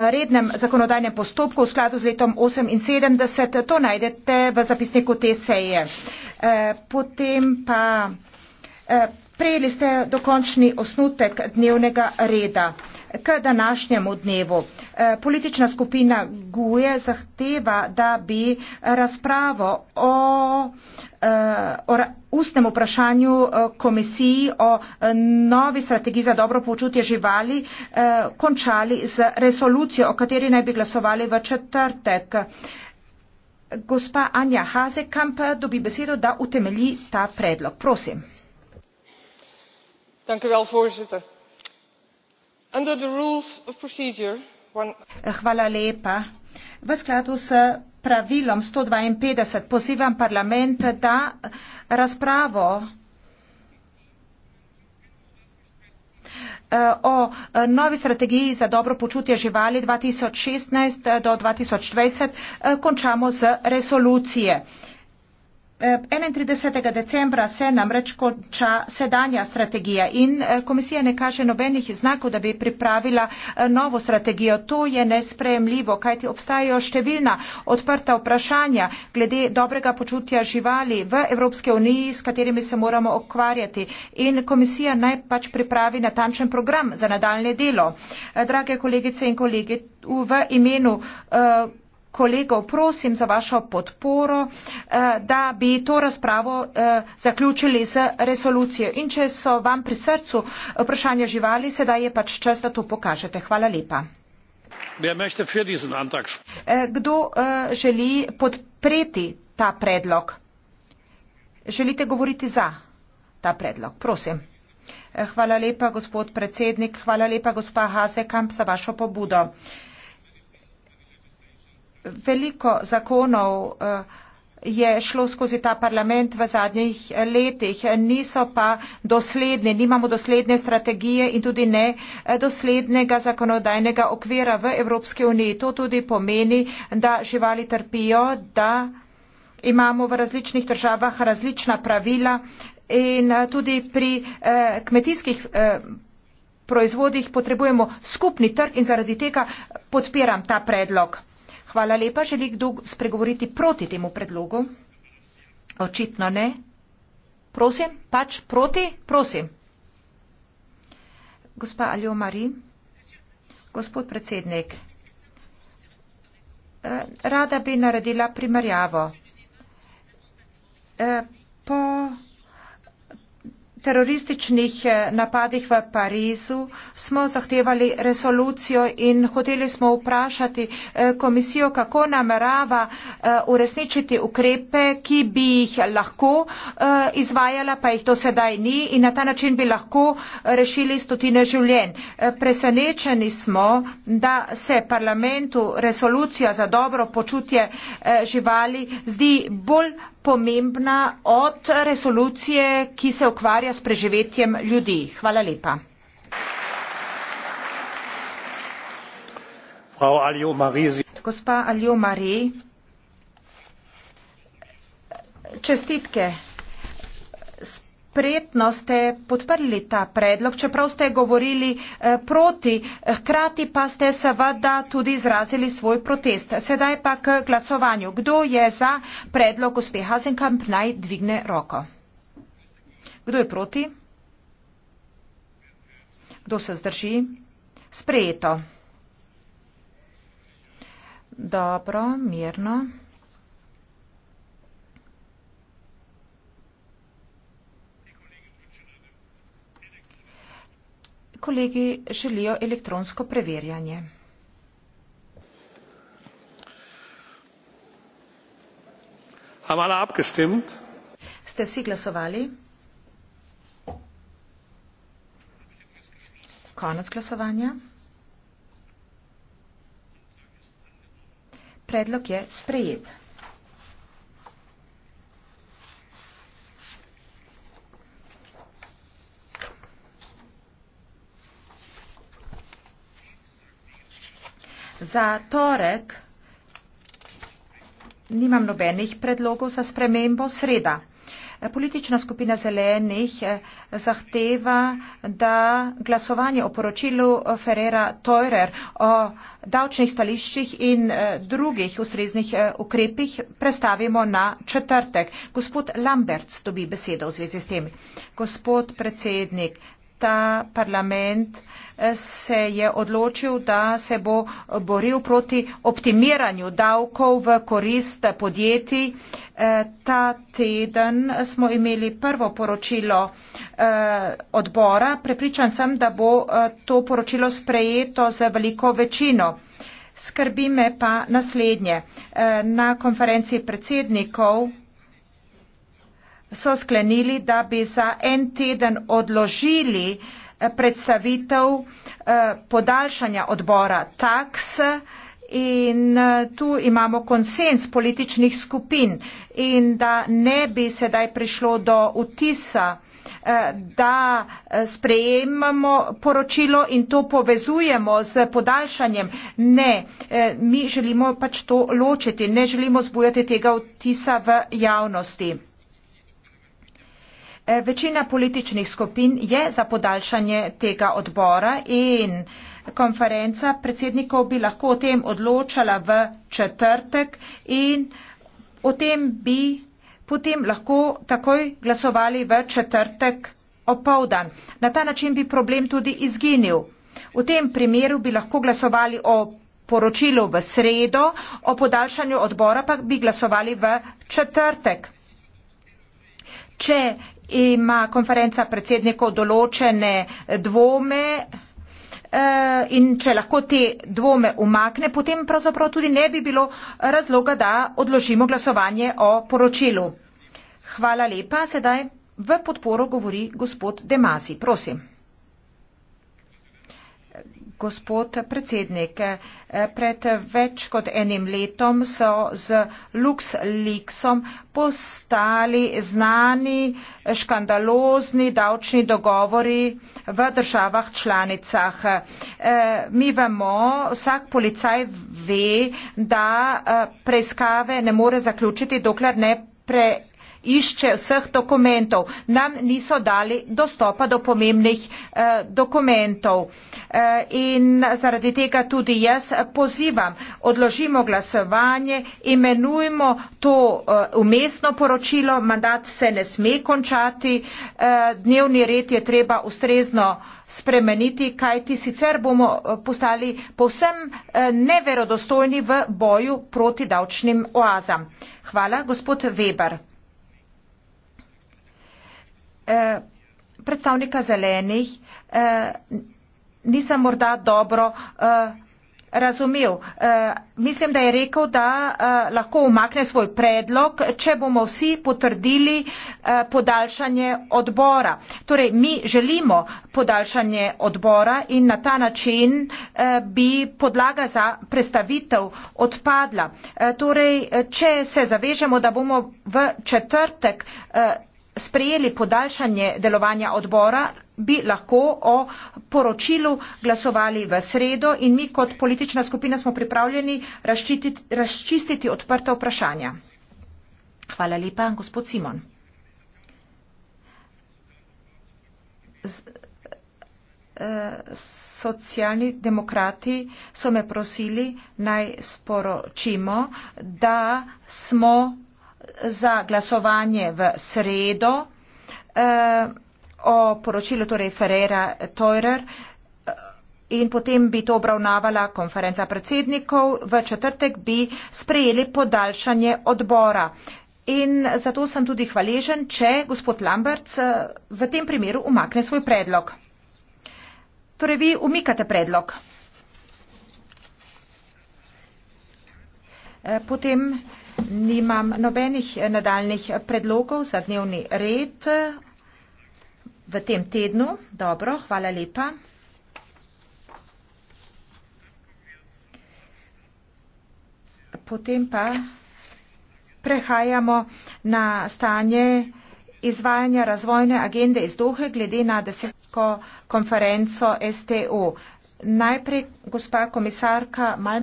rednem zakonodajnem postopku v skladu z letom 78. To najdete v zapisniku te seje. Eh, potem pa eh, prejeli ste dokončni osnutek dnevnega reda k današnjemu dnevu. E, politična skupina Guje zahteva, da bi razpravo o, e, o ustnem vprašanju e, komisiji o novi strategiji za dobro počutje živali končali z resolucijo, o kateri naj bi glasovali v četrtek. Gospa Anja Hazekamp dobi besedo, da utemelji ta predlog. Prosim. Dank u wel, voorzitter v skladu s pravilom sto dvainpetdeset pozivam parlament da razpravo eh, o eh, novi strategiji za dobro počutje živali dva tisoč šestnajst do dva tisoč dvajset eh, končamo z resolucije. 31. Eh, decembra se namreč konča sedanja strategija in eh, komisija ne kaže nobenih znakov, da bi pripravila eh, novo strategijo. To je nespremljivo, kajti obstajajo številna odprta vprašanja glede dobrega počutja živali v Evropske uniji, s katerimi se moramo okvarjati in komisija naj pač pripravi natančen program za nadaljne delo. Drage kolegice in kolegi, v imenu uh, kolegov prosim za vašo podporo, eh, da bi to razpravo eh, zaključili z resolucijo. In če so vam pri srcu vprašanja živali, sedaj je pač čas, da to pokažete. Hvala lepa. Eh, kdo želi podpreti ta predlog? Želite govoriti za ta predlog? Prosim. Hvala lepa, gospod predsednik. Hvala lepa, gospa Hazekamp, za vašo pobudo veliko zakonov eh, je šlo skozi ta parlament v zadnjih eh, letih, niso pa dosledni, nimamo dosledne strategije in tudi ne eh, doslednega zakonodajnega okvira v Evropski uniji. To tudi pomeni, da živali trpijo, da imamo v različnih državah različna pravila in tudi pri kmetijskih proizvodih potrebujemo skupni trg in zaradi tega podpiram ta predlog. Hvala lepa. Želi kdo spregovoriti proti temu predlogu? Očitno ne. Prosim, pač proti, prosim. Gospa Aljo Mari, gospod predsednik, eh, rada bi naredila primerjavo. Eh, po terorističnih eh, napadih v Parizu smo zahtevali resolucijo in hoteli smo vprašati eh, komisijo, kako namerava eh, uresničiti ukrepe, ki bi jih lahko izvajala, pa jih do sedaj ni in na ta način bi lahko rešili stotine življenj. Presenečeni smo, da se parlamentu resolucija za dobro počutje živali zdi bolj pomembna od resolucije, ki se ukvarja s preživetjem ljudi. Hvala lepa. Gospa Aljo Mari, čestitke spretno ste podprli ta predlog, čeprav ste govorili eh, proti, eh, hkrati pa ste seveda tudi izrazili svoj protest. Sedaj pa k glasovanju. Kdo je za predlog gospe Hazenkamp naj dvigne roko? Kdo je proti? Kdo se zdrži? Sprejeto. Dobro, mirno. kolegi želijo elektronsko preverjanje. Ste vsi glasovali? Konec glasovanja. Predlog je sprejet. Za torek nimam nobenih predlogov za spremembo sreda. Politična skupina zelenih eh, zahteva, da glasovanje o poročilu eh, Ferrera Teurer o davčnih stališčih in eh, drugih ustreznih ukrepih prestavimo na četrtek. Gospod Lambert dobi besedo v zvezi s tem. Gospod predsednik, ta parlament se je odločil, da se bo boril proti optimiranju davkov v korist podjetij. E, ta teden smo imeli prvo poročilo e, odbora. Prepričan sem, da bo e, to poročilo sprejeto z veliko večino. Skrbi me pa naslednje. Na konferenciji predsednikov so sklenili, da bi za en teden odložili eh, predstavitev eh, podaljšanja odbora taks in eh, tu imamo konsens političnih skupin in da ne bi sedaj prišlo do vtisa, eh, da sprejemamo poročilo in to povezujemo z podaljšanjem. Ne, mi želimo pač to ločiti, ne želimo zbujati tega vtisa v javnosti. E, večina političnih skupin je za podaljšanje tega odbora in konferenca predsednikov bi lahko o tem odločala v četrtek in o tem bi potem lahko takoj glasovali v četrtek opovdan. Na ta način bi problem tudi izginil. V tem primeru bi lahko glasovali o poročilu v sredo, o podaljšanju odbora pa bi glasovali v četrtek. Če ima konferenca predsednikov določene dvome eh, in če lahko te dvome umakne, potem pravzaprav tudi ne bi bilo razloga, da odložimo glasovanje o poročilu. Hvala lepa. Sedaj v podporo govori gospod Demasi. Prosim gospod predsednik. Eh, pred več kot enim letom so z LuxLeaksom postali znani škandalozni davčni dogovori v državah članicah. Eh, mi vemo, vsak policaj ve, da eh, preiskave ne more zaključiti, dokler ne pre išče vseh dokumentov. Nam niso dali dostopa do pomembnih eh, dokumentov. Eh, in zaradi tega tudi jaz pozivam, odložimo glasovanje, imenujmo to eh, umestno poročilo, mandat se ne sme končati, dnevni red je treba ustrezno spremeniti, kajti sicer bomo postali povsem neverodostojni v boju proti davčnim oazam. Hvala, gospod Weber. Eh, predstavnika zelenih eh, nisem morda dobro eh, razumel. Mislim, da je rekel, da lahko umakne svoj predlog, če bomo vsi potrdili podaljšanje odbora. Torej, mi želimo podaljšanje odbora in na ta način bi podlaga za predstavitev odpadla. Torej, če se zavežemo, da bomo v četrtek sprejeli podaljšanje delovanja odbora, bi lahko o poročilu glasovali v sredo in mi kot politična skupina smo pripravljeni razčistiti odprta vprašanja. Hvala lepa, gospod Simon. Z, eh, socialni demokrati so me prosili naj sporočimo, da smo za glasovanje v sredo eh, o poročilu torej Ferreira Teurer eh, in potem bi to obravnavala konferenca predsednikov, v četrtek bi sprejeli podaljšanje odbora. In zato sem tudi hvaležen, če gospod Lamberts eh, v tem primeru umakne svoj predlog. Torej vi umikate predlog. Potem Nimam nobenih eh, nadaljnih eh, predlogov za dnevni red eh, v tem tednu. Dobro, hvala lepa. Potem pa prehajamo na stanje izvajanja razvojne agende iz Dohe glede na desetko konferenco STO. Najprej gospa komisarka Malmer.